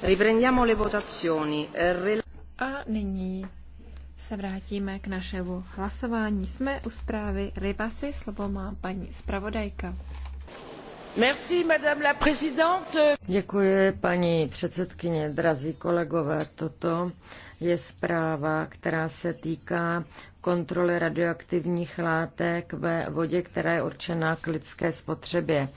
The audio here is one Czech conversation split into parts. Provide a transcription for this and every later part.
Riprendiamo le votazioni. A nyní se vrátíme k našemu hlasování. Jsme u zprávy Rybasy, slovo má paní zpravodajka. Merci, madame la présidente. Děkuji, paní předsedkyně, drazí kolegové. Toto je zpráva, která se týká kontroly radioaktivních látek ve vodě, která je určená k lidské spotřebě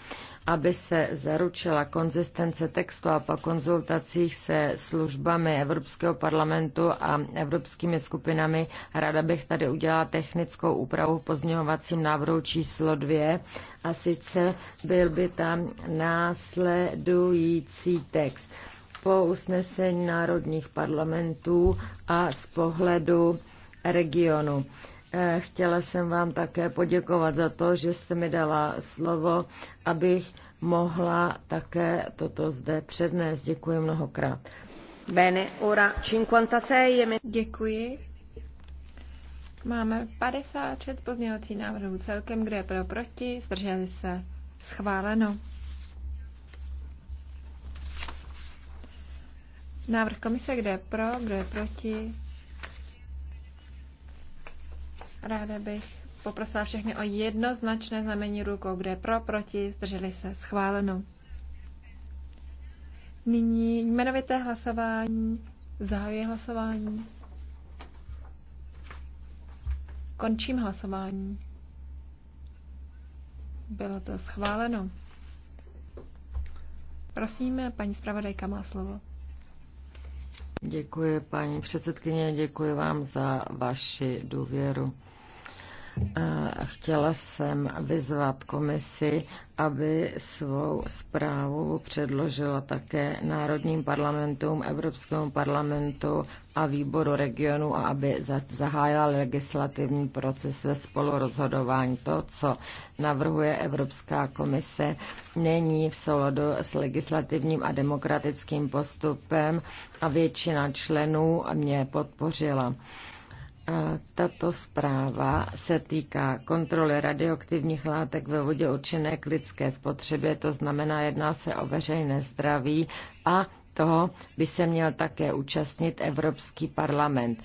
aby se zaručila konzistence textu a po konzultacích se službami Evropského parlamentu a evropskými skupinami, ráda bych tady udělala technickou úpravu v pozměňovacím návrhu číslo 2 a sice byl by tam následující text po usnesení národních parlamentů a z pohledu regionu. Eh, chtěla jsem vám také poděkovat za to, že jste mi dala slovo, abych mohla také toto zde přednést. Děkuji mnohokrát. Bene, ora 56. E Děkuji. Máme 56 pozměňovací návrhů celkem, kde je pro proti, zdrželi se schváleno. Návrh komise, kde je pro, kde je proti, Ráda bych poprosila všechny o jednoznačné znamení rukou, kde pro, proti, zdrželi se, schváleno. Nyní jmenovité hlasování, zahajuje hlasování. Končím hlasování. Bylo to schváleno. Prosím, paní zpravodajka má slovo. Děkuji, paní předsedkyně, děkuji vám za vaši důvěru. Chtěla jsem vyzvat komisi, aby svou zprávu předložila také národním parlamentům, Evropskému parlamentu a výboru regionu a aby zahájila legislativní proces ve spolurozhodování. To, co navrhuje Evropská komise, není v souladu s legislativním a demokratickým postupem a většina členů mě podpořila. Tato zpráva se týká kontroly radioaktivních látek ve vodě určené k lidské spotřebě, to znamená, jedná se o veřejné zdraví a toho by se měl také účastnit Evropský parlament.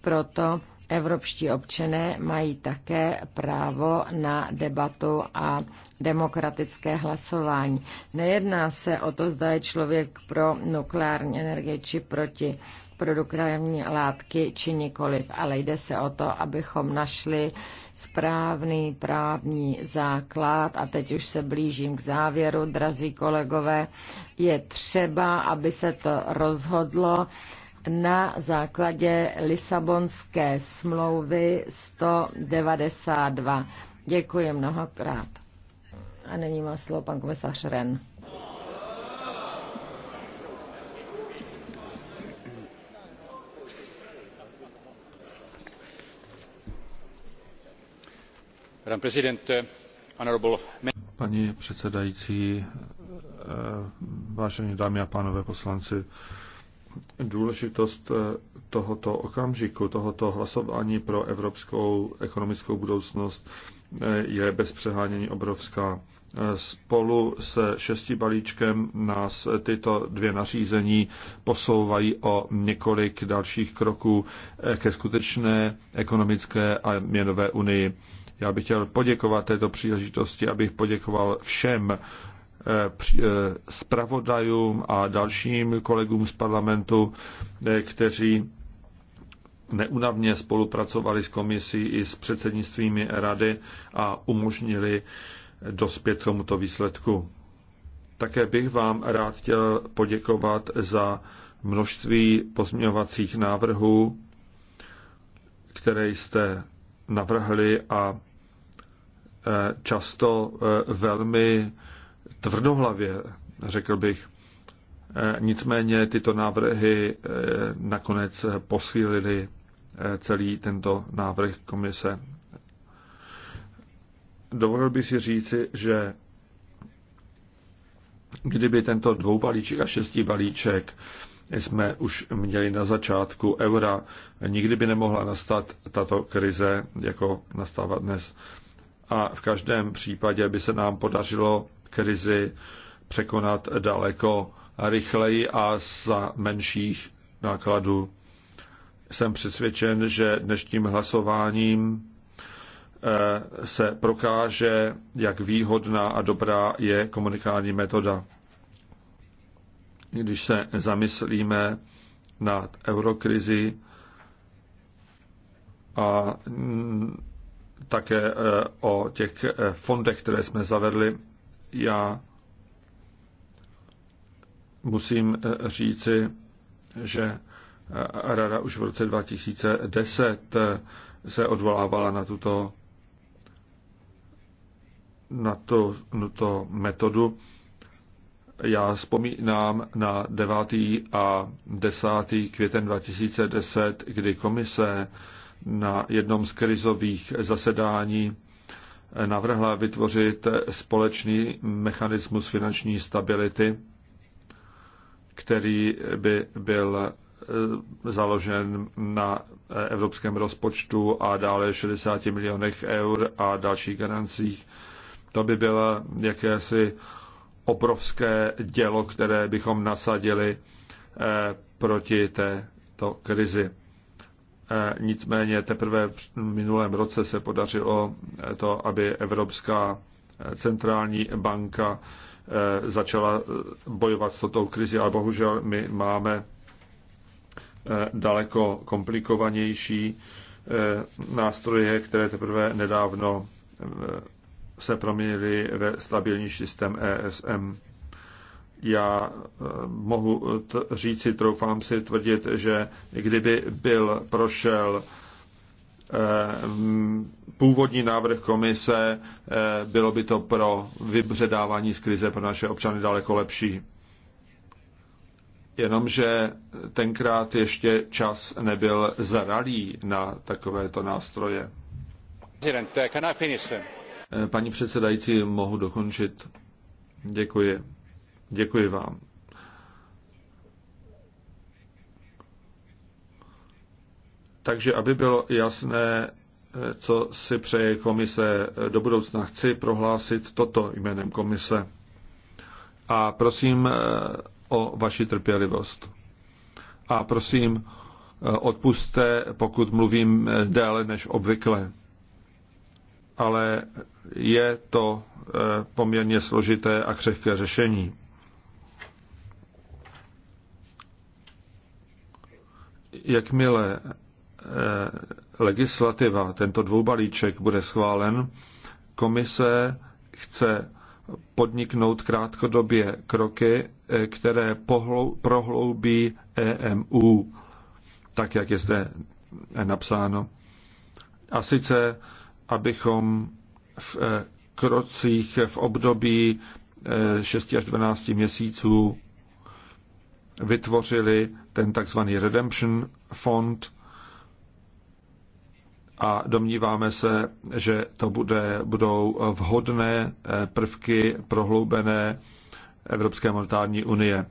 Proto evropští občané mají také právo na debatu a demokratické hlasování. Nejedná se o to, zda je člověk pro nukleární energii či proti produkrajemní látky či nikoliv, ale jde se o to, abychom našli správný právní základ a teď už se blížím k závěru, drazí kolegové, je třeba, aby se to rozhodlo na základě Lisabonské smlouvy 192. Děkuji mnohokrát. A není má slovo pan komisař Ren. Paní předsedající, eh, vážené dámy a pánové poslanci, důležitost eh, tohoto okamžiku, tohoto hlasování pro evropskou ekonomickou budoucnost eh, je bez přehánění obrovská. Spolu se šesti balíčkem nás tyto dvě nařízení posouvají o několik dalších kroků ke skutečné ekonomické a měnové unii. Já bych chtěl poděkovat této příležitosti, abych poděkoval všem eh, eh, zpravodajům a dalším kolegům z parlamentu, eh, kteří neunavně spolupracovali s komisí i s předsednictvími rady a umožnili dospět tomuto výsledku. Také bych vám rád chtěl poděkovat za množství pozměňovacích návrhů, které jste navrhli a často eh, velmi tvrdohlavě, řekl bych. Eh, nicméně tyto návrhy eh, nakonec posílily celý tento návrh komise. Dovolil bych si říci, že kdyby tento dvou balíček a šestý balíček jsme už měli na začátku eura, nikdy by nemohla nastat tato krize, jako nastává dnes a v každém případě by se nám podařilo krizi překonat daleko rychleji a za menších nákladů. Jsem přesvědčen, že dnešním hlasováním eh, se prokáže, jak výhodná a dobrá je komunikální metoda. Když se zamyslíme nad eurokrizi a také eh, o těch eh, fondech, které jsme zavedli. Já musím eh, říci, že Rada už v roce 2010 se odvolávala na tuto na to, na to metodu. Já vzpomínám na 9. a 10. květen 2010, kdy komise na jednom z krizových zasedání navrhla vytvořit společný mechanismus finanční stability, který by byl eh, založen na eh, evropském rozpočtu a dále 60 milionech eur a dalších garancích. To by bylo jakési obrovské dělo, které bychom nasadili eh, proti této krizi. Eh, nicméně teprve v minulém roce se podařilo eh, to, aby Evropská eh, centrální banka začala bojovat s touto krizi, ale bohužel my máme daleko komplikovanější nástroje, které teprve nedávno se proměnily ve stabilní systém ESM já eh, mohu eh, t- říci, troufám si tvrdit, že kdyby byl prošel eh, mm, původní návrh komise, bylo by to pro vybředávání z krize pro naše občany daleko lepší. Jenomže tenkrát ještě čas nebyl zralý na takovéto nástroje. Paní předsedající, mohu dokončit. Děkuji. Děkuji vám. Takže aby bylo jasné, co si přeje komise do budoucna, chci prohlásit toto jménem komise. A prosím eh, o vaši trpělivost. A prosím, eh, odpuste, pokud mluvím eh, déle než obvykle. Ale je to poměrně složité a křehké řešení. jakmile eh, legislativa, tento dvoubalíček bude schválen, komise chce podniknout krátkodobě kroky, eh, které prohloubí EMU, tak jak je zde eh, napsáno. A sice, abychom v krocích v období 6 až 12 měsíců vytvořili ten takzvaný Redemption Fond a domníváme se, že to bude, budou vhodné eh, prvky prohloubené Evropské monetární unie.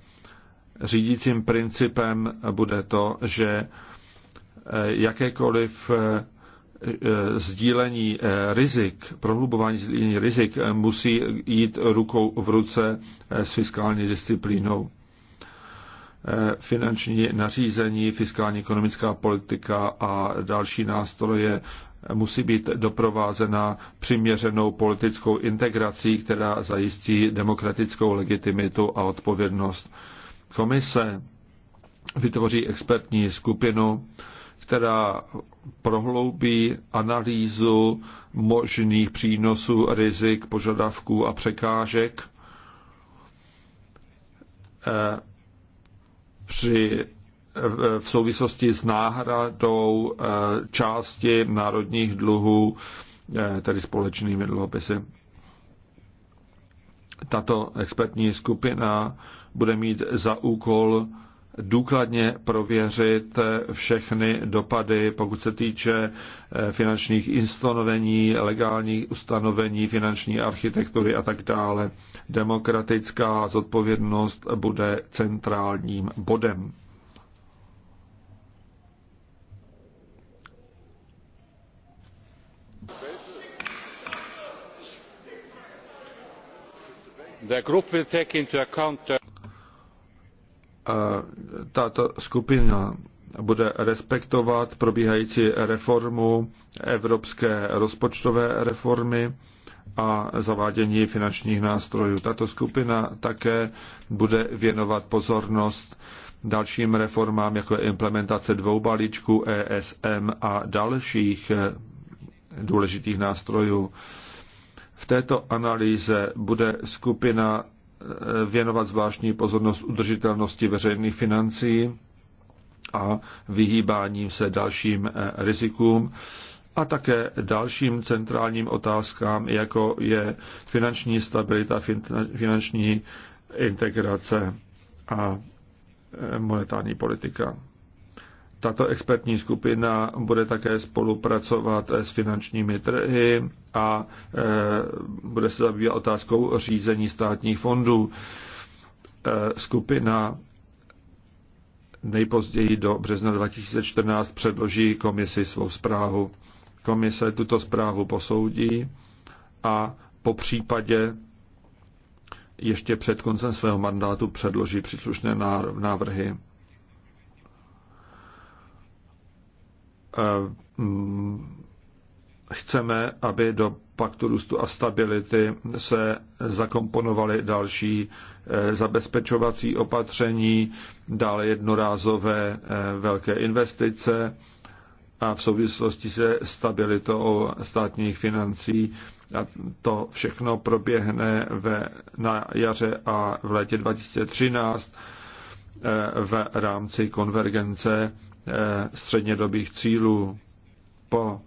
Řídícím principem bude to, že eh, jakékoliv eh, sdílení rizik, prohlubování sdílení rizik musí jít rukou v ruce s fiskální disciplínou finanční nařízení, fiskální ekonomická politika a další nástroje musí být doprovázena přiměřenou politickou integrací, která zajistí demokratickou legitimitu a odpovědnost. Komise vytvoří expertní skupinu, která prohloubí analýzu možných přínosů, rizik, požadavků a překážek při v souvislosti s náhradou eh, části národních dluhů, eh, tedy společnými dluhopisy. Tato expertní skupina bude mít za úkol důkladně prověřit všechny dopady, pokud se týče eh, finančních instanovení, legálních ustanovení, finanční architektury a tak dále. Demokratická zodpovědnost bude centrálním bodem. The group will take into account uh, tato skupina bude respektovat probíhající reformu evropské rozpočtové reformy a zavádění finančních nástrojů. Tato skupina také bude věnovat pozornost dalším reformám, jako je implementace dvou balíčků ESM a dalších eh, důležitých nástrojů. V této analýze bude skupina věnovat zvláštní pozornost udržitelnosti veřejných financí a vyhýbáním se dalším eh, rizikům a také dalším centrálním otázkám, jako je finanční stabilita, finanční integrace a eh, monetární politika. Tato expertní skupina bude také spolupracovat s finančními trhy a eh, bude se zabývat otázkou řízení státních fondů. Eh, skupina nejpozději do března 2014 předloží komisi svou zprávu. Komise tuto zprávu posoudí a po případě ještě před koncem svého mandátu předloží příslušné návrhy. Eh, mm, chceme, aby do paktu růstu a stability se zakomponovaly další eh, zabezpečovací opatření, dále jednorázové eh, velké investice a v souvislosti se stabilitou státních financí. A to všechno proběhne ve, na jaře a v létě 2013 v rámci konvergence Eh, střednědobých cílů. Po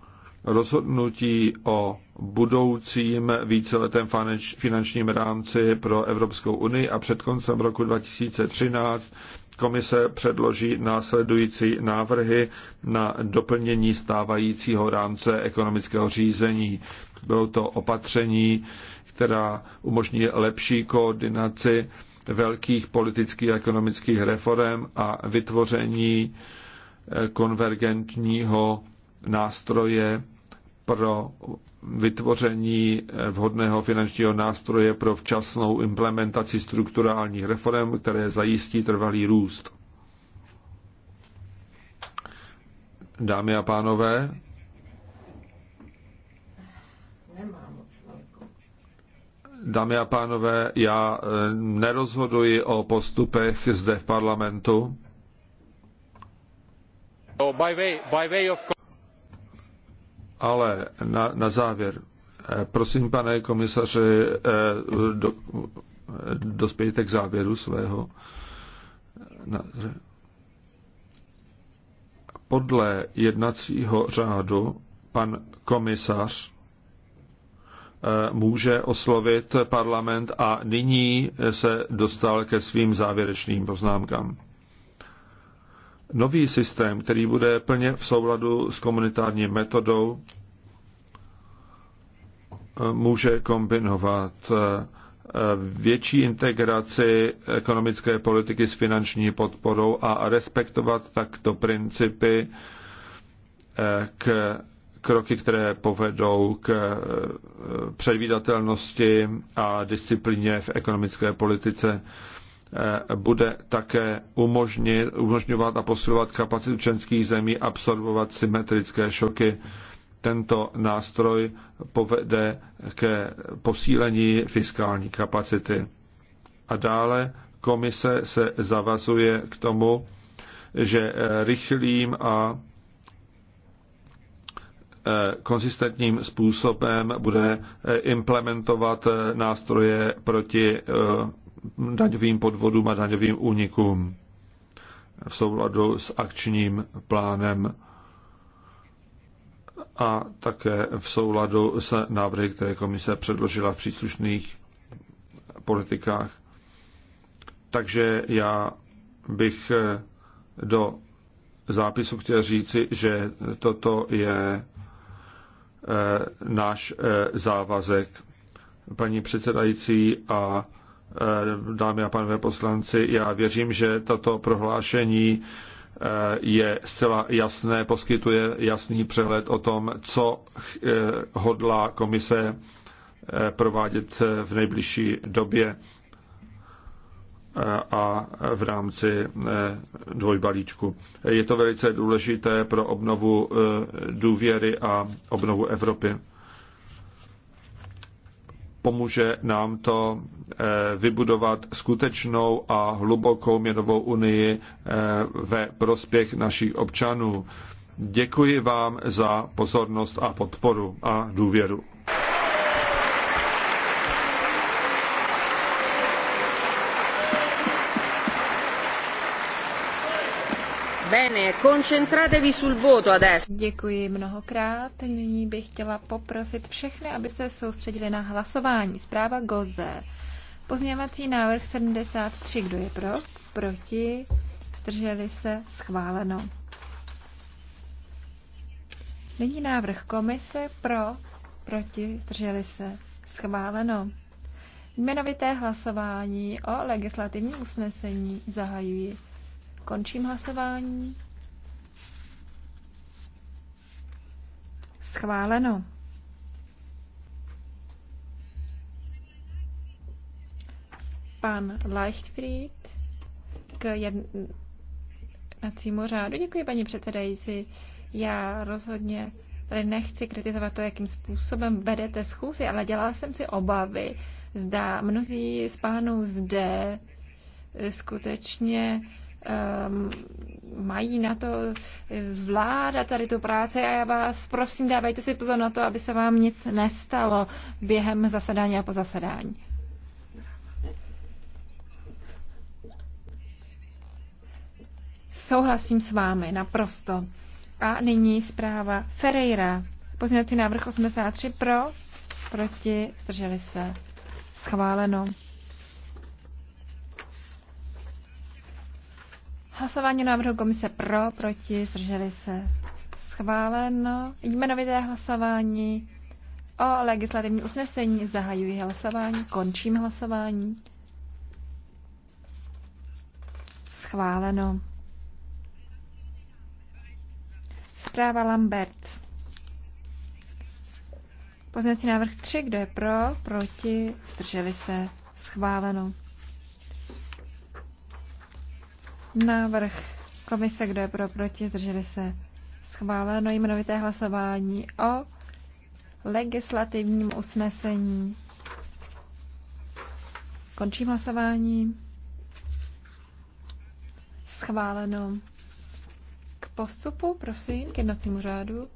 rozhodnutí o budoucím víceletém finančním rámci pro Evropskou unii a před koncem roku 2013 komise předloží následující návrhy na doplnění stávajícího rámce ekonomického řízení. Bylo to opatření, která umožní lepší koordinaci velkých politických a ekonomických reform a vytvoření konvergentního nástroje pro vytvoření vhodného finančního nástroje pro včasnou implementaci strukturálních reform, které zajistí trvalý růst. Dámy a pánové, Dámy a pánové, já eh, nerozhoduji o postupech zde v parlamentu. Ale na, na závěr, eh, prosím, pane komisaři, eh, do, eh, dospějte k závěru svého. Podle jednacího řádu pan komisař může oslovit parlament a nyní se dostal ke svým závěrečným poznámkám nový systém, který bude plně v souladu s komunitární metodou, může kombinovat eh, větší integraci ekonomické politiky s finanční podporou a respektovat takto principy eh, k kroky, které povedou k eh, předvídatelnosti a disciplíně v ekonomické politice bude také umožnit, umožňovat a posilovat kapacitu členských zemí absorbovat symetrické šoky. Tento nástroj povede ke posílení fiskální kapacity. A dále komise se zavazuje k tomu, že rychlým a e, konzistentním způsobem bude e, implementovat e, nástroje proti daňovým podvodům a daňovým únikům v souladu s akčním plánem a také v souladu s návrhy, které komise předložila v příslušných politikách. Takže já bych do zápisu chtěl říci, že toto je eh, náš eh, závazek. Paní předsedající a Eh, dámy a pánové poslanci, já věřím, že tato prohlášení eh, je zcela jasné, poskytuje jasný přehled o tom, co eh, hodlá komise provádět v nejbližší době a v rámci dvojbalíčku. Je to velice důležité pro obnovu důvěry a obnovu Evropy pomůže nám to eh, vybudovat skutečnou a hlubokou měnovou unii eh, ve prospěch našich občanů. Děkuji vám za pozornost a podporu a důvěru. Bene, concentratevi sul voto adesso. Děkuji mnohokrát. Nyní bych chtěla poprosit všechny, aby se soustředili na hlasování. Zpráva Goze. Pozměňovací návrh 73. Kdo je pro? Proti? Zdrželi se? Schváleno. Nyní návrh komise pro, proti, zdrželi se, schváleno. Jmenovité hlasování o legislativní usnesení zahajuji. Končím hlasování. Schváleno. Pan Leichtfried k jednacímu řádu. Děkuji, paní předsedající. Já rozhodně tady nechci kritizovat to, jakým způsobem vedete schůzi, ale dělala jsem si obavy, zda mnozí z pánů zde skutečně Ehm, mají na to zvládat eh, tady tu práci a já vás prosím, dávejte si pozor na to, aby se vám nic nestalo během zasedání a po zasedání. Souhlasím s vámi, naprosto. A nyní zpráva Ferreira. Pozměňovací návrh 83 pro, proti, zdrželi se. Schváleno. Hlasování návrhu komise pro, proti, zdrželi se. Schváleno. Jmenovité hlasování o legislativní usnesení. Zahajuji hlasování, končím hlasování. Schváleno. Zpráva Lambert. Pozměňovací návrh 3, kdo je pro, proti, zdrželi se, schváleno. Návrh komise, kdo je pro, proti, zdrželi se schváleno jmenovité hlasování o legislativním usnesení. Končím hlasování. Schváleno. K postupu, prosím, k jednacímu řádu.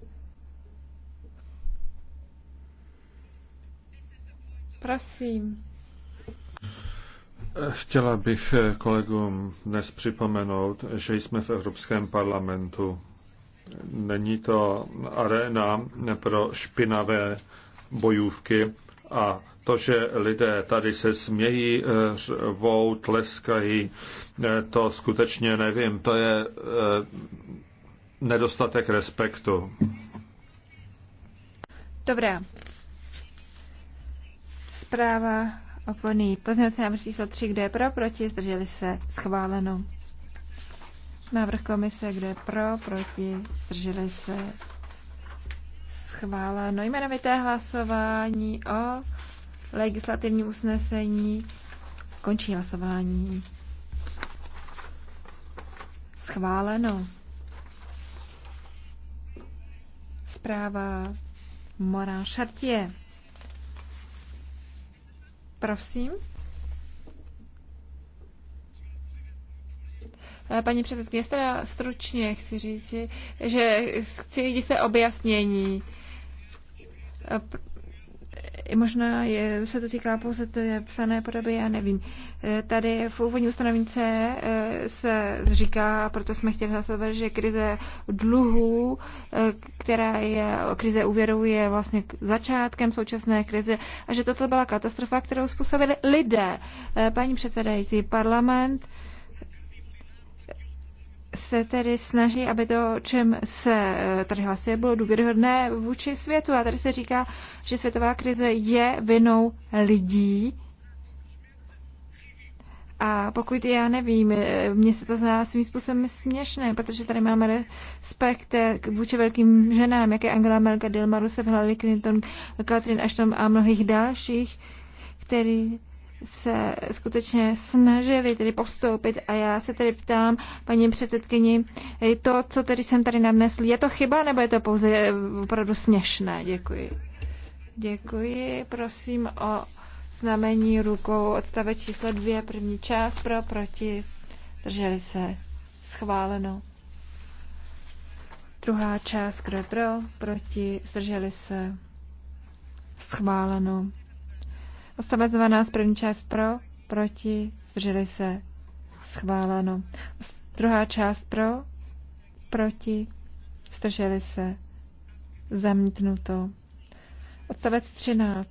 Prosím. Chtěla bych kolegům dnes připomenout, že jsme v Evropském parlamentu. Není to arena pro špinavé bojůvky a to, že lidé tady se smějí, řvou, tleskají, to skutečně nevím. To je eh, nedostatek respektu. Dobrá. Zpráva Oponý. pozměňovací návrh číslo 3, kdo je pro, proti, zdrželi se, schváleno. Návrh komise, kdo je pro, proti, zdrželi se, schváleno. Jmenovité hlasování o legislativním usnesení. Končí hlasování. Schváleno. Zpráva Morán Šartě. Prosím. Eh, Paní předsedkyně, teda stručně chci říct, že chci se objasnění eh, možná je, se to týká pouze té psané podoby, já nevím. E, tady v úvodní ustanovení C e, se říká, proto jsme chtěli hlasovat, že krize dluhů, e, která je, krize úvěru je vlastně začátkem současné krize a že toto byla katastrofa, kterou způsobili lidé. Paní předsedající, parlament se tedy snaží, aby to, čem se eh, tady hlasuje, bylo důvěryhodné vůči světu. A tady se říká, že světová krize je vinou lidí. A pokud já nevím, eh, mně se to zná svým způsobem směšné, protože tady máme respekt eh, vůči velkým ženám, jak je Angela Merkel, Dilma Rousseff, Hillary Clinton, Catherine Ashton a mnohých dalších, který se skutečně snažili tedy postoupit a já se tedy ptám paní předsedkyni, to, co tedy jsem tady nadnesl, je to chyba nebo je to pouze eh, opravdu směšné? Děkuji. Děkuji, prosím o znamení rukou odstavec číslo dvě, první část pro, proti, drželi se, schváleno. Druhá část, kdo pro, proti, zdrželi se, schváleno. Odstavec 12, první část pro, proti, zdrželi se, schváleno. Druhá část pro, proti, zdrželi se, zamítnuto. Odstavec 13.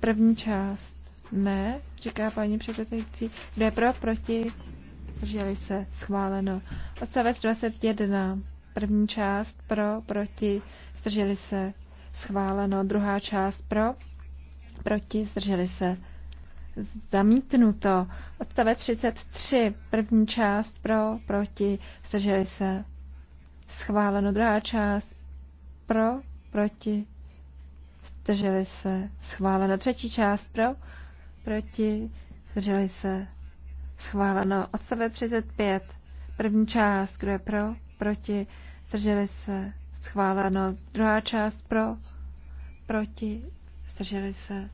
První část. Ne, říká paní předsedající. Kdo je pro, proti, zdrželi se, schváleno. Odstavec 21. První část pro, proti, zdrželi se, schváleno. Druhá část pro, proti, zdrželi se zamítnuto. Odstavec 33, první část pro, proti, zdrželi se schváleno. Druhá část pro, proti, zdrželi se schváleno. Třetí část pro, proti, zdrželi se schváleno. Odstavec 35, první část, kdo je pro, proti, zdrželi se schváleno. Druhá část pro, proti, zdrželi se,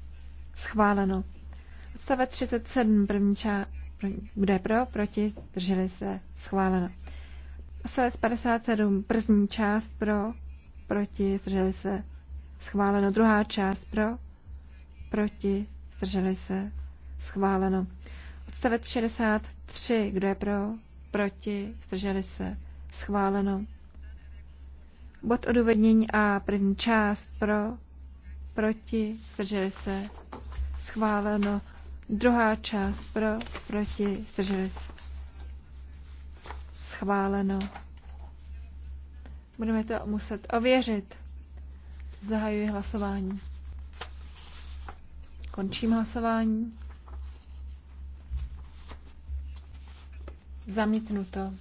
schváleno. Odstavec 37, první část, bude pro, proti, zdrželi se, schváleno. Odstavec 57, první část pro, proti, zdrželi se, schváleno. Druhá část pro, proti, zdrželi se, schváleno. Odstavec 63, kdo je pro, proti, zdrželi se, schváleno. Bod odůvodnění A, první část pro, proti, zdrželi se, schváleno. Druhá část pro, proti, zdrželi se, schváleno. Budeme to muset ověřit. Zahajuji hlasování. Končím hlasování. Zamítnuto.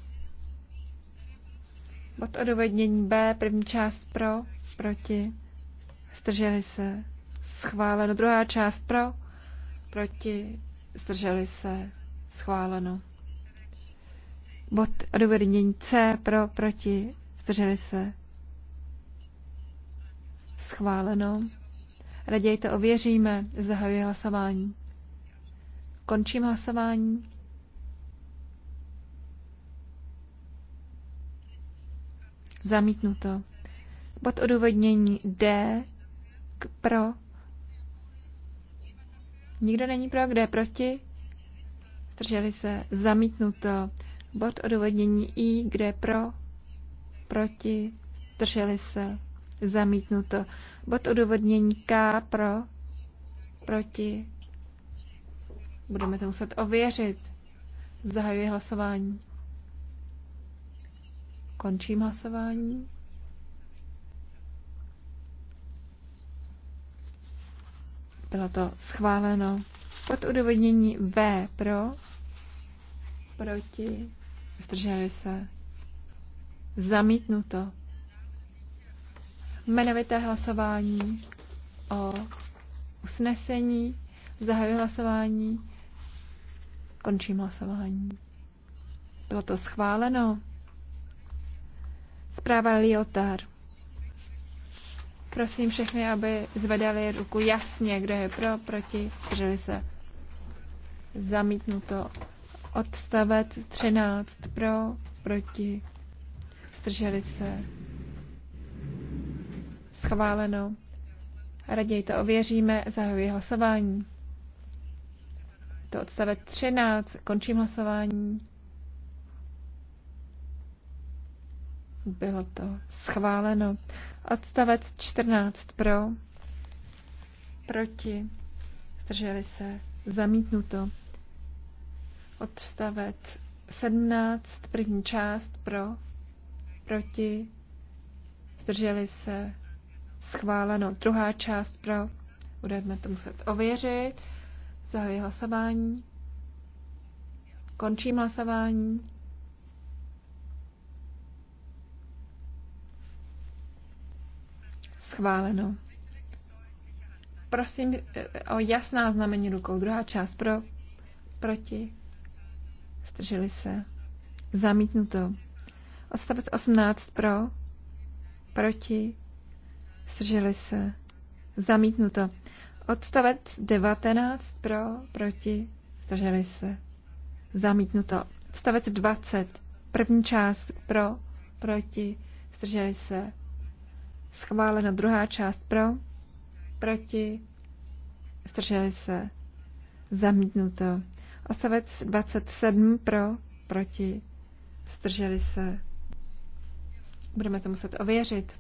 Od odovednění B, první část pro, proti. Zdrželi se. Schváleno. Druhá část pro. Proti. Zdrželi se. Schváleno. Bod odůvodnění C pro. Proti. Zdrželi se. Schváleno. Raději to ověříme. Zahajuji hlasování. Končím hlasování. Zamítnuto. Bod odůvodnění D pro? Nikdo není pro, kde je proti? Zdrželi se zamítnuto. Bod odůvodnění I, kde je pro? Proti? Zdrželi se zamítnuto. Bod odůvodnění K pro? Proti? Budeme to muset ověřit. Zahajuji hlasování. Končím hlasování. Bylo to schváleno. Pod udovodnění V pro, proti, zdrželi se, zamítnuto. Jmenovité hlasování o usnesení, zahajuji hlasování, končím hlasování. Bylo to schváleno. Zpráva Liotard. Prosím všechny, aby zvedali ruku jasně, kdo je pro, proti, drželi se. Zamítnuto. Odstavec 13 pro, proti, zdrželi se. Schváleno. Raději to ověříme, zahajuji hlasování. To odstavec 13, končím hlasování. Bylo to schváleno. Odstavec 14 pro, proti, zdrželi se, zamítnuto. Odstavec 17, první část pro, proti, zdrželi se, schváleno. Druhá část pro, budeme to muset ověřit. Zahajuji hlasování. Končím hlasování. Schváleno. Prosím eh, eh, o jasná znamení rukou. Druhá část pro, proti, Strželi se. Zamítnuto. Odstavec 18 pro, proti, Strželi se. Zamítnuto. Odstavec 19 pro, proti, Strželi se. Zamítnuto. Odstavec 20. První část pro, proti, Strželi se. Schválena druhá část pro, proti, zdrželi se, zamítnuto. Osavec 27 pro, proti, zdrželi se. Budeme to muset ověřit.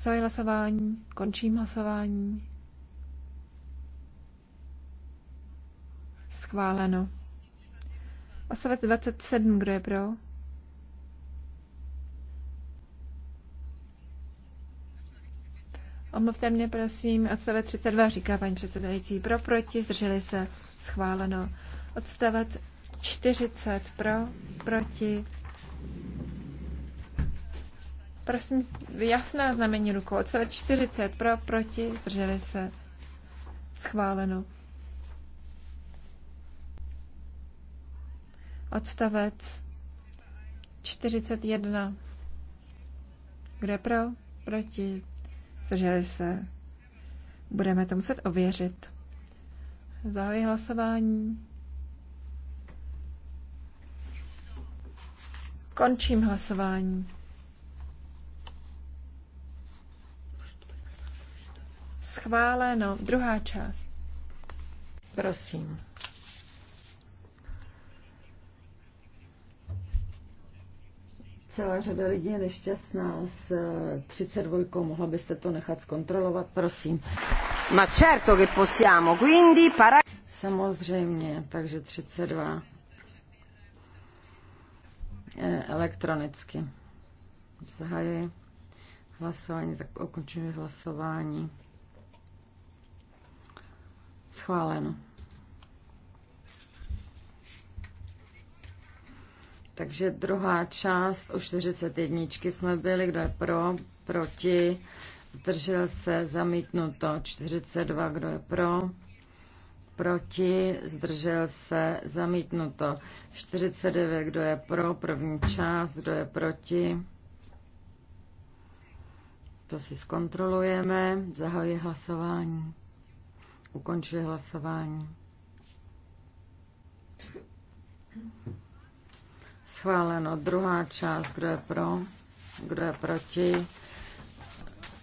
Zahajuji hlasování, končím hlasování. Schváleno. Osavec 27, kdo je pro? Omluvte mě, prosím, odstavec 32, říká paní předsedající, pro, proti, zdrželi se, schváleno. Odstavec 40, pro, proti. Prosím, jasná znamení rukou. Odstavec 40, pro, proti, zdrželi se, schváleno. Odstavec 41. Kde pro? Proti Zdrželi se. Budeme to muset ověřit. Zahajuji hlasování. Končím hlasování. Schváleno. Druhá část. Prosím. Celá řada lidí je nešťastná s 32. Eh, Mohla byste to nechat zkontrolovat, prosím. Ma certo che possiamo, quindi para... Samozřejmě, takže 32. Eh, elektronicky. Zahajuji hlasování, zakončuji hlasování. Schváleno. Takže druhá část o 41 jsme byli, kdo je pro, proti, zdržel se, zamítnuto 42, kdo je pro, proti, zdržel se, zamítnuto 49, kdo je pro, první část, kdo je proti. To si zkontrolujeme, zahajuje hlasování, ukončuje hlasování. Thank you. Schváleno druhá část, kdo je pro, kdo je proti,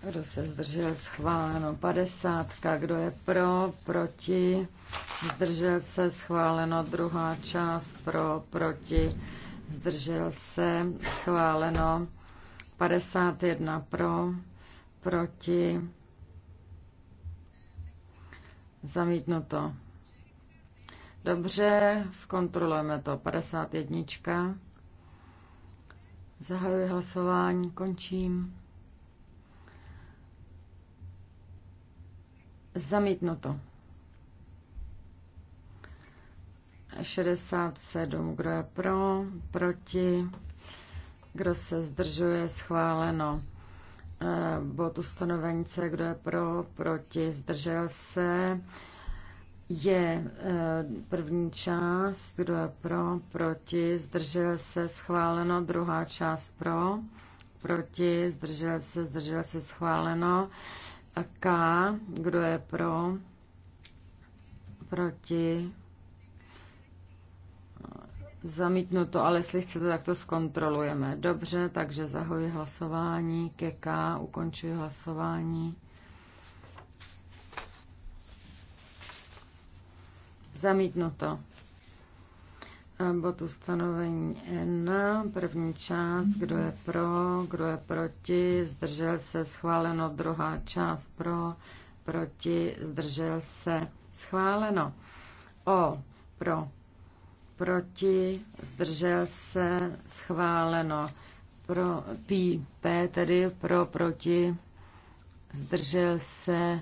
kdo se zdržel, schváleno padesátka, kdo je pro, proti, zdržel se, schváleno druhá část, pro, proti, zdržel se, schváleno 51 pro, proti, zamítnuto. Dobře, zkontrolujeme to. 51. Zahajuji hlasování, končím. Zamítnuto. 67, kdo je pro, proti, kdo se zdržuje, schváleno. Eh, bod ustanovení C, kdo je pro, proti, zdržel se je eh, první část, kdo je pro, proti, zdržel se, schváleno, druhá část pro, proti, zdržel se, zdržel se, schváleno, K, kdo je pro, proti, zamítnuto, ale jestli chcete, tak to zkontrolujeme. Dobře, takže zahoji hlasování, ke K, ukončuji hlasování. Zamítnuto. E, bod ustanovení N, první část, kdo je pro, kdo je proti, zdržel se, schváleno, druhá část pro, proti, zdržel se, schváleno. O, pro, proti, zdržel se, schváleno. Pro, P, P tedy pro, proti, zdržel se,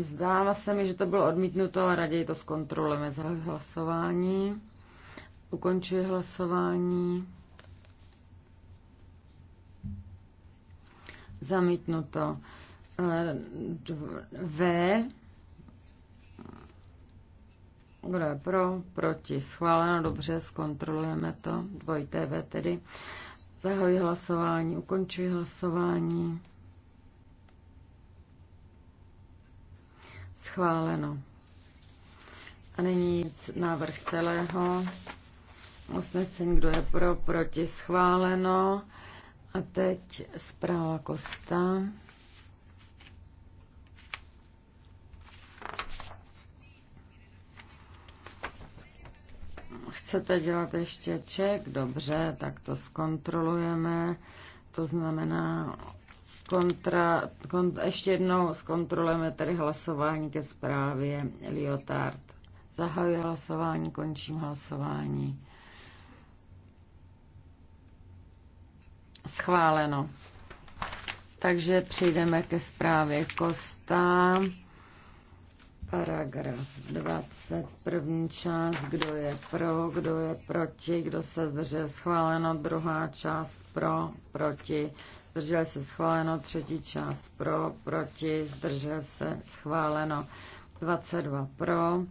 Zdála se mi, že to bylo odmítnuto, ale raději to zkontrolujeme. za hlasování. Ukončuji hlasování. Zamítnuto. Eh, v. Kdo je pro? Proti. Schváleno. Dobře, zkontrolujeme to. Dvojité V tedy. Zahajuji hlasování. Ukončuji hlasování. Schváleno. A nyní návrh celého usnesení, kdo je pro, proti, schváleno. A teď zpráva Kosta. Chcete dělat ještě ček? Dobře, tak to zkontrolujeme. To znamená Kontra, kont, ještě jednou zkontrolujeme tedy hlasování ke zprávě Liotard. Zahajuji hlasování, končím hlasování. Schváleno. Takže přejdeme ke zprávě Kosta. Paragraf 20, první část, kdo je pro, kdo je proti, kdo se zdržel schváleno, druhá část pro, proti, zdržel se schváleno, třetí část pro, proti, zdržel se schváleno, 22 pro,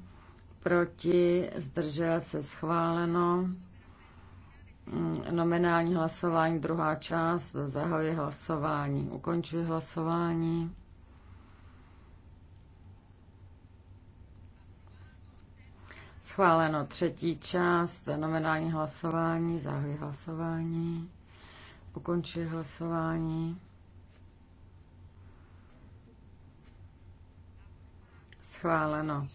proti, zdržel se schváleno, mm, nominální hlasování, druhá část, zahajuji hlasování, ukončuji hlasování. Schváleno třetí část, nominální hlasování, zahajuji hlasování, ukončuji hlasování. Schváleno.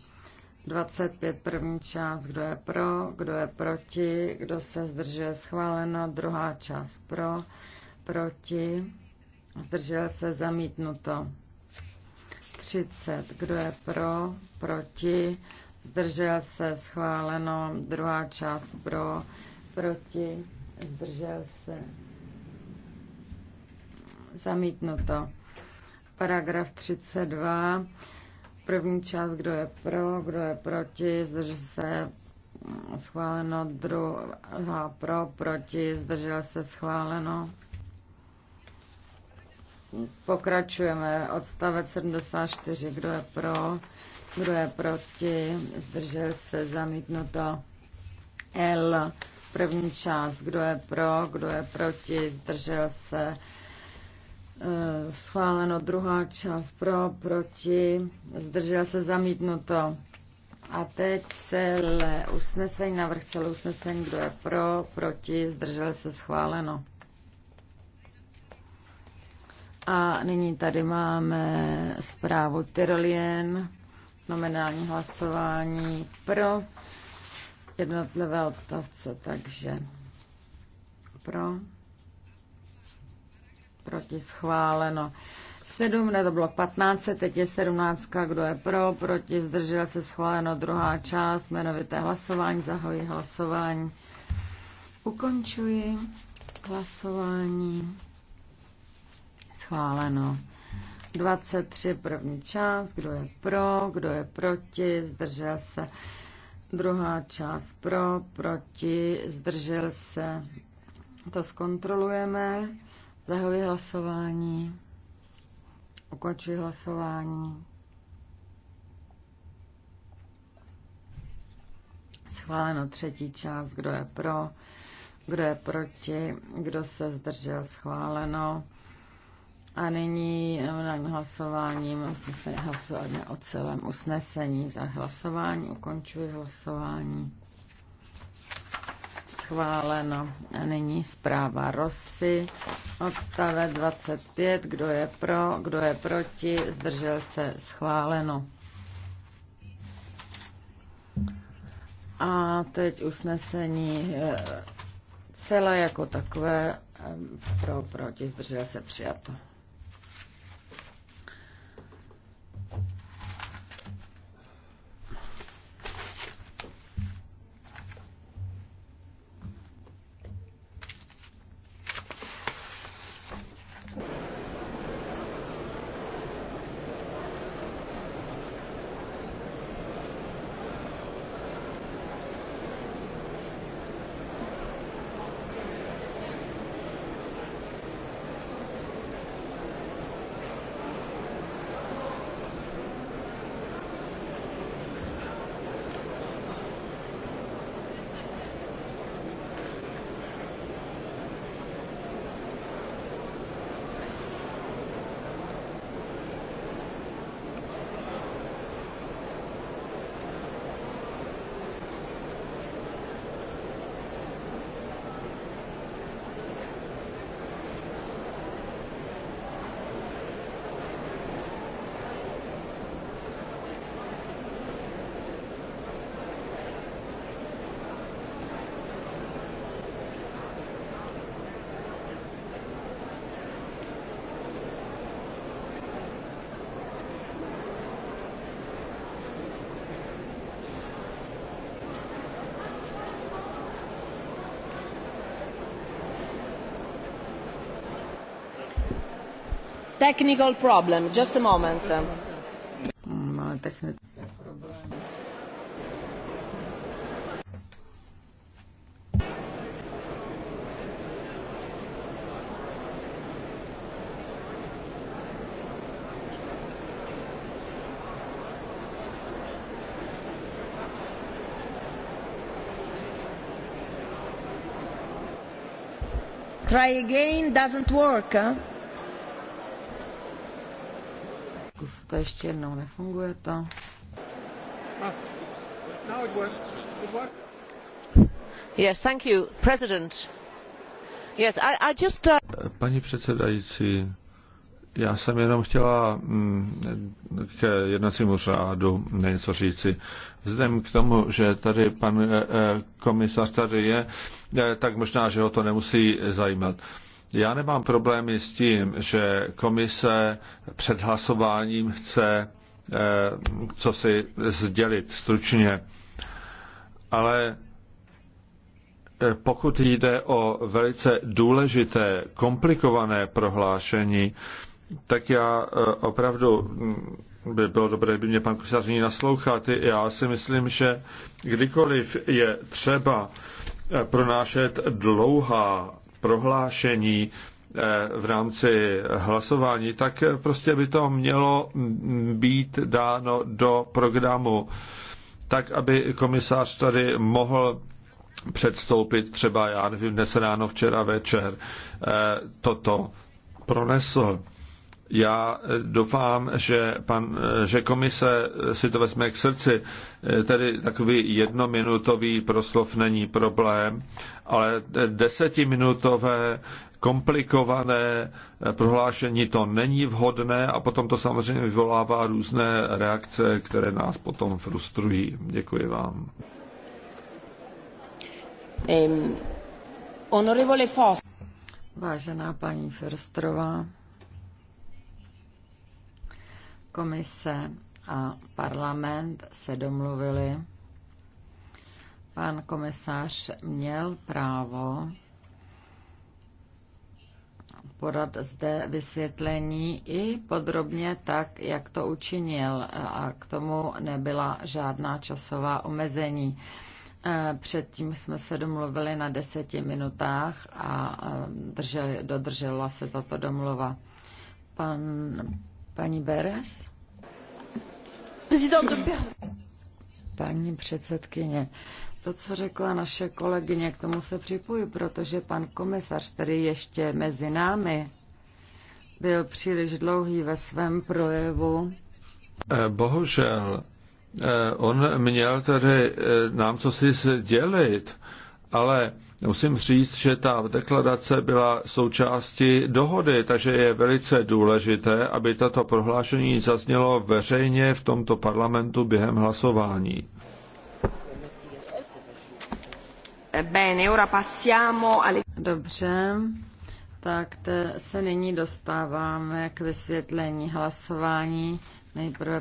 25 první část, kdo je pro, kdo je proti, kdo se zdržuje schváleno, druhá část pro, proti, zdržel se zamítnuto. 30, kdo je pro, proti, zdržel se, schváleno, druhá část pro, proti, zdržel se, zamítnuto. Paragraf 32, první část, kdo je pro, kdo je proti, zdržel se, schváleno, druhá pro, proti, zdržel se, schváleno. Pokračujeme. Odstavec 74. Kdo je pro? Kdo je proti? Zdržel se zamítnuto. L. První část. Kdo je pro? Kdo je proti? Zdržel se. Eh, schváleno druhá část pro, proti, zdržel se zamítnuto. A teď celé usnesení, návrh celé usnesení, kdo je pro, proti, zdržel se schváleno. A nyní tady máme zprávu Tyrolien, nominální hlasování pro jednotlivé odstavce, takže pro, proti schváleno. 7, ne, to bylo 15, teď je 17, kdo je pro, proti, zdržel se schváleno druhá část, jmenovité hlasování, zahojí hlasování. Ukončuji hlasování. Schváleno. 23 první část, kdo je pro, kdo je proti, zdržel se. Druhá část pro, proti, zdržel se. To zkontrolujeme. Zahajuji hlasování. Ukončuji hlasování. Schváleno třetí část, kdo je pro, kdo je proti, kdo se zdržel, schváleno. A nyní nominálním eh, hlasováním usnesení, hlasování o celém usnesení. Za hlasování ukončuji hlasování. Schváleno. A nyní zpráva Rosy. Odstave 25. Kdo je pro, kdo je proti, zdržel se. Schváleno. A teď usnesení eh, celé jako takové eh, pro, proti, zdržel se přijato. Technical problem. Just a moment. Try again doesn't work. Huh? to ještě jednou, nefunguje to. Yes, thank you, President. Yes, I, I just, uh... Paní předsedající, já jsem jenom chtěla mm, k jednacímu řádu něco říci. Vzhledem k tomu, že tady pan eh, eh, komisař tady je, eh, tak možná, že ho to nemusí zajímat. Já nemám problémy s tím, že komise před hlasováním chce eh, co si sdělit stručně, ale eh, pokud jde o velice důležité, komplikované prohlášení, tak já eh, opravdu hm, by bylo dobré, kdyby mě pan Kusařní naslouchat. Já si myslím, že kdykoliv je třeba pronášet dlouhá prohlášení eh, v rámci hlasování, tak prostě by to mělo být dáno do programu, tak aby komisář tady mohl předstoupit třeba, já nevím, dnes ráno, včera večer, eh, toto pronesl. Já eh, doufám, že, pan, eh, že komise eh, si to vezme k srdci. Tedy takový jednominutový proslov není problém, ale desetiminutové komplikované prohlášení to není vhodné a potom to samozřejmě vyvolává různé reakce, které nás potom frustrují. Děkuji vám. Um, honorable Vážená paní Firstrová, Komise a parlament se domluvili. Pan komisář měl právo podat zde vysvětlení i podrobně tak, jak to učinil a k tomu nebyla žádná časová omezení. Eh, předtím jsme se domluvili na deseti minutách a eh, drželi, dodržela se tato domluva. Pan Paní Beres? Paní předsedkyně, to, co řekla naše kolegyně, k tomu se připoju, protože pan komisař, který ještě mezi námi, byl příliš dlouhý ve svém projevu. Eh, bohužel, eh, on měl tady eh, nám co si sdělit ale musím říct, že ta deklarace byla součástí dohody, takže je velice důležité, aby tato prohlášení zaznělo veřejně v tomto parlamentu během hlasování. Dobře, tak se nyní dostáváme k vysvětlení hlasování. Nejprve